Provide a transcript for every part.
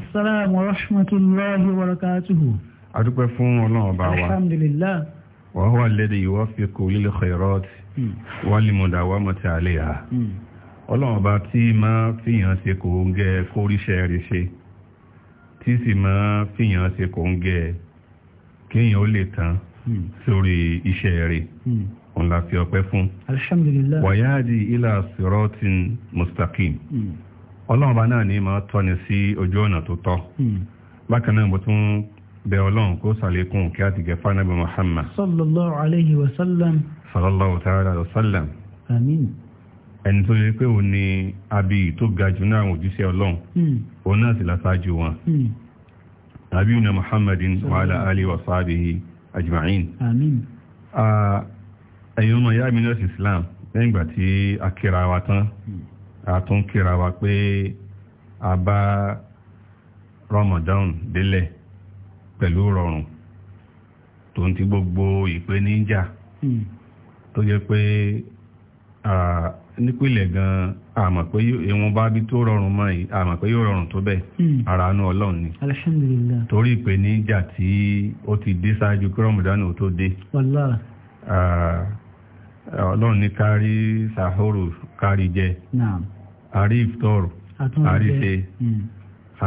السلام ورحمة الله وبركاته أدوك فون الله بابا الحمد لله وهو الذي يوفق للخيرات والمداومة عليها ọlọ́run bá hmm. hmm. tí máa fìyàn ṣe kò ń gẹ kóríṣẹ́ rẹ̀ ṣe tí sì máa fìyàn ṣe kò ń gẹ kéèyàn ó lè tán hmm. sórí iṣẹ́ rẹ̀ òun la fi ọpẹ́ fún. alhamdulillah wàyáàdì ilà siratin mustaqim. Mm ọlọ́run bá náà ní máa tọ́ni sí ojú ọ̀nà tó tọ́ hmm. bákan náà mo tún bẹ ọlọ́run kó sàlékún kí á ti gẹ fánábì Muhammad sallallahu alayhi wa sallam sallallahu ta'ala wa sallam àmín ẹni tó yẹ pé òun ni abi tó ga jù náà àwọn òjíṣẹ́ ọlọ́run hmm. òun náà sì lásáájú wọn tàbí hmm. ìnà Muhammadin wa ala alihi wa sahbihi ajma'in àmín ah, ẹ̀yin ọmọ yá mi náà sí Islam lẹ́yìn ìgbà tí a kíra wa tán a pé a bá Ramadan délẹ̀ pẹ̀lú rọrùn tó ń ti gbogbo ìpèníjà hmm. tó jẹ́ pé nípìnlẹ̀ gan àmọ̀ pé ìwọ̀n bá bí tó rọrùn mọ́ yìí àmọ̀ pé yóò rọrùn tó bẹ́ẹ̀ hmm. ara anú ọlọ́run ni torí ìpèníjà ti dé ṣáájú kí Ramadan ò tó dé ọlọ́run ní kárí àrí ìfitọ́rù ari ṣe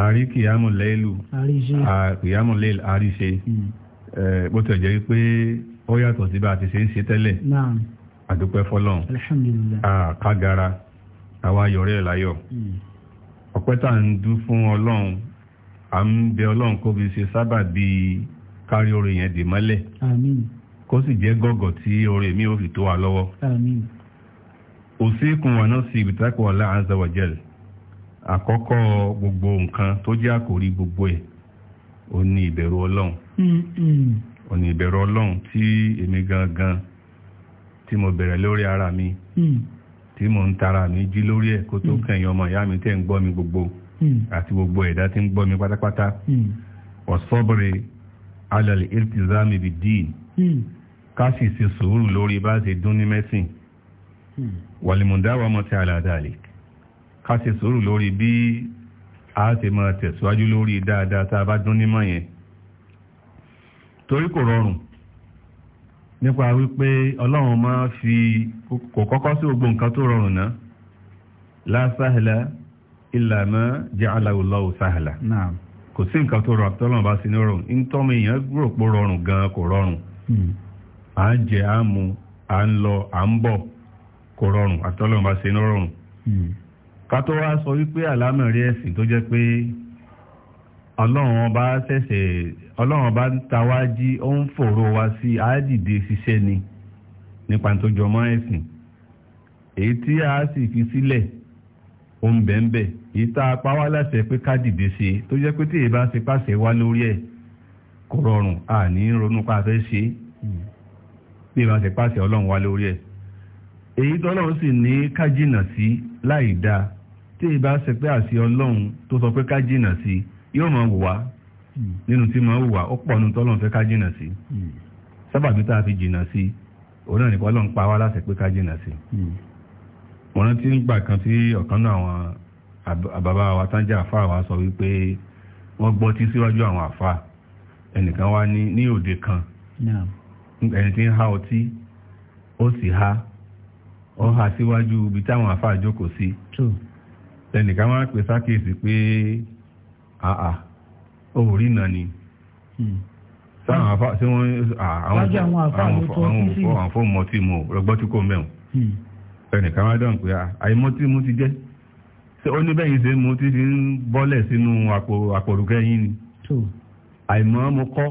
ari kìyàmù ari ṣe bó tẹ̀ jẹ́ pé ó yàtọ̀ sí bá ti ṣe ń ṣe tẹ́lẹ̀ àdúpẹ́ fọ́lọ́n kágara àwa yọ̀rẹ́ láyọ̀ hmm. ọpẹ́ tá ń dú fún ọlọ́run à ń bẹ ọlọ́run kó fi ṣe sábà bí kárí orin yẹn dì mọ́lẹ̀ kó sì jẹ́ tí orin mi ò fi tó wa lọ́wọ́. òsíkùn wà náà sí ìbìtákọ̀ Allah azza wa jal àkọ́kọ́ gbogbo nǹkan tó jẹ́ àkórí gbogbo ẹ̀ ó ní ìbẹ̀rù ọlọ́run mm-hmm. ó ní ìbẹ̀rù ọlọ́run tí èmi gangan tí mo bẹ̀rẹ̀ lórí ara mi mm. tí mo ń tara mi jí lórí ẹ̀ kó tó mm. kẹ̀yìn ọmọ ìyá mi tẹ́ ń gbọ́ mi gbogbo mm. àti gbogbo ẹ̀dá tí ń gbọ́ mi pátápátá ọ̀sọ́bìrì alàlẹ̀ irtizami bid ká sì ṣe sùúrù lórí bá ṣe dún ní mẹ́sìn wàlìmùdáwà mọ́ tí aláàdáàlì ká ṣe sùúrù lórí bí a ti máa tẹ̀síwájú lórí dáadáa tá a bá dún nímọ̀ yẹn torí kò rọrùn nípa wípé ọlọ́run máa fi kò kọ́kọ́ sí gbogbo nǹkan tó rọrùn náà ma kò sí nǹkan tó rọrùn bá sí ní rọrùn èèyàn rọrùn gan kò rọrùn à hmm. ń jẹ à ń lọ à kò rọrùn àtọ́lọ́run bá ṣe ní rọrùn hmm. ká tó wá sọ wípé àlámọ̀rí ẹ̀sìn tó jẹ́ pé ọlọ́run ọba ṣẹ̀ṣẹ̀ ọlọ́run ọba ń ta wá jí ó ń fòró wa sí àádìde ṣiṣẹ́ ni nípa tó jọmọ́ ẹ̀sìn èyí tí a sì fi sílẹ̀ ó ń bẹ̀ ń bẹ̀ èyí tá a pa wá láṣẹ pé ká dìde ṣe tó jẹ́ pé tí èyí bá ṣe pàṣẹ wá lórí ẹ̀ kò rọrùn àní ronú pa fẹ́ ṣe hmm. bí ìbá ṣe pàṣẹ ọlọ́run wá lórí ẹ̀ èyí tọ́lọ́run sì ní ká jìnà sí láì dáa tí ìbá ṣe pé àṣì ọlọ́run tó sọ pé ká jìnà sí yóò máa wùwá nínú tí máa wùwá ó pọ̀ nínú tọ́lọ́run fẹ́ ká jìnà sí sábàbí tá a fi jìnà sí òun náà nípa ọlọ́run pa wá láṣẹ pé ká jìnà sí. mo rántí nígbà kan tí ọ̀kan náà àwọn àbàbá wa tán jẹ́ àfa wa sọ wípé wọ́n gbọ́ tí síwájú àwọn àfa ẹnìkan wá ní òde kan ẹni tí ń há ọtí ó sì há ọ hà síwájú ibi táwọn àfáà jókòó sí tẹnìkan máa pè sákèsí pé àà òórí náà ni hmm. sáwọn àfáà tí wọ́n àwọn fóòmù ọtí mu rọgbọ́n tí kò mẹ́wọ̀n hmm. tẹnìkan máa dán pé àìmọ́tí mu ti jẹ́ ó ní bẹ́yìn ṣe mu ti fi ń bọ́lẹ̀ sínú àpòrùkẹ́ yín ni àìmọ́ mo kọ́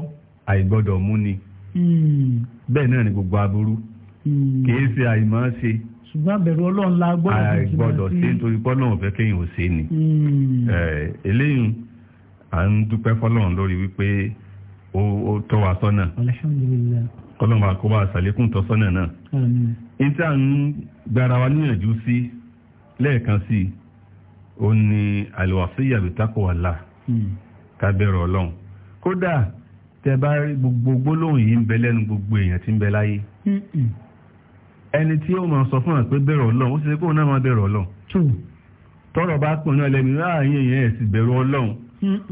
àìgbọ́dọ̀ mú ni hmm. bẹ́ẹ̀ náà ni gbogbo aburú kìí ṣe àìmọ́ ṣe ṣùgbọ́n àbẹ̀rù ọlọ́run la gbọ́dọ̀ sí. gbọ́dọ̀ sí nítorí pọ́lọ́run fẹ́ kéèyàn ò ṣe ni. Hmm. eléyìí à ń dúpẹ́ fọ́lọ́run lórí wípé ó tọ́ wa sọ́nà. alhamdulillah. ọlọ́run bá kó bá a ṣàlékún tọ́ sọ́nà náà. àmín. ní tí à ń gbára wa níyànjú sí lẹ́ẹ̀kan sí i ó ní àlùwàsíyà bí taqwallah hmm. ká bẹ̀rù ọlọ́run. kódà tẹ bá gbogbo gbólóhùn yìí ń bẹ lẹ́nu gbogbo èèyàn tí ń bẹ láyé. Hmm, ẹni tí ó máa sọ fún àpé bẹ̀rù ọlọ́run ó sì ṣe kóun náà máa bẹ̀rù ọlọ́run tọ́rọ̀ bá pọ̀ náà lẹ́nu láàyè ah, yẹn sì bẹ̀rù ọlọ́run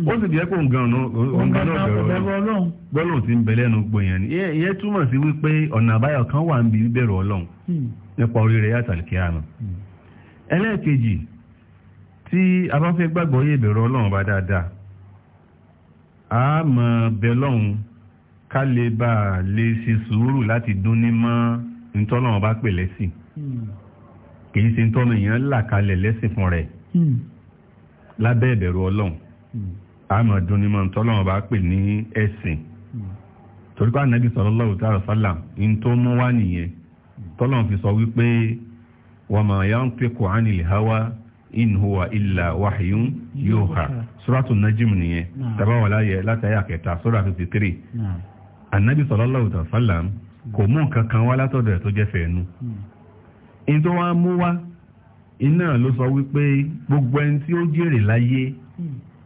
ó sì jẹ́ kóun gan ọ̀nà bẹ̀rù ọlọ́run gbọ́dọ̀ tí ń bẹ lẹ́nu gbòyàn ni ìyẹn túmọ̀ sí wípé ọ̀nà àbáyọ kan wà ń bí bẹ̀rù ọlọ́run hmm. nípa orí rẹ̀ yàtàlìkẹ́ àná ẹlẹ́ẹ̀kejì tí a bá fẹ́ gbàgbọ́ yé ìbẹ̀rù ọlọ́run bá dáadáa a mọ̀ bẹ lọ́hùn ká lè bá a lè ṣe sùúrù láti dún ní mọ́ ntọ́nà ọba pè lẹ́sìn hmm. kì í ṣe ntọ́nà èèyàn là kalẹ̀ lẹ́sìn fún rẹ̀ hmm. lábẹ́ ìbẹ̀rù ọlọ́run àmọ̀dún hmm. ni mọ̀ ntọ́nà ọba pè ní ẹ̀sìn torí pa nàbí sallallahu ta'ala sallam ní tó mú wá nìyẹn tọ́lọ́n fi sọ wípé wa ma yantiqu anil hawa in huwa illa wahyun yuha suratul najm nìyẹn tàbá wà láyé látàyà kẹta sura 53 ànàbí sallallahu ta'ala sallam kò mú nǹkan kan wá látọ̀dọ̀ ẹ̀ tó jẹ́ fẹ̀ẹ́nu in tó wá mú wá iná ló sọ wípé gbogbo ẹni tí ó jèrè láyé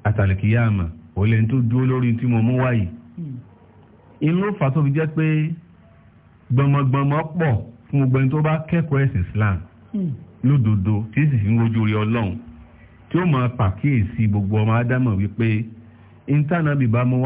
àtàlìkìyàmà ò lè tó dúró lórí tí mo mú wá yìí in ló fà tó fi jẹ́ pé gbọmọgbọmọ pọ̀ fún gbogbo ẹni tó bá kẹ́kọ̀ọ́ ẹ̀sìn Islam lódodo tí sì fi ń wojú rí Ọlọ́run tí ó máa pàkíyèsí gbogbo ọmọ Ádámọ̀ wípé intanẹ́bì bá mú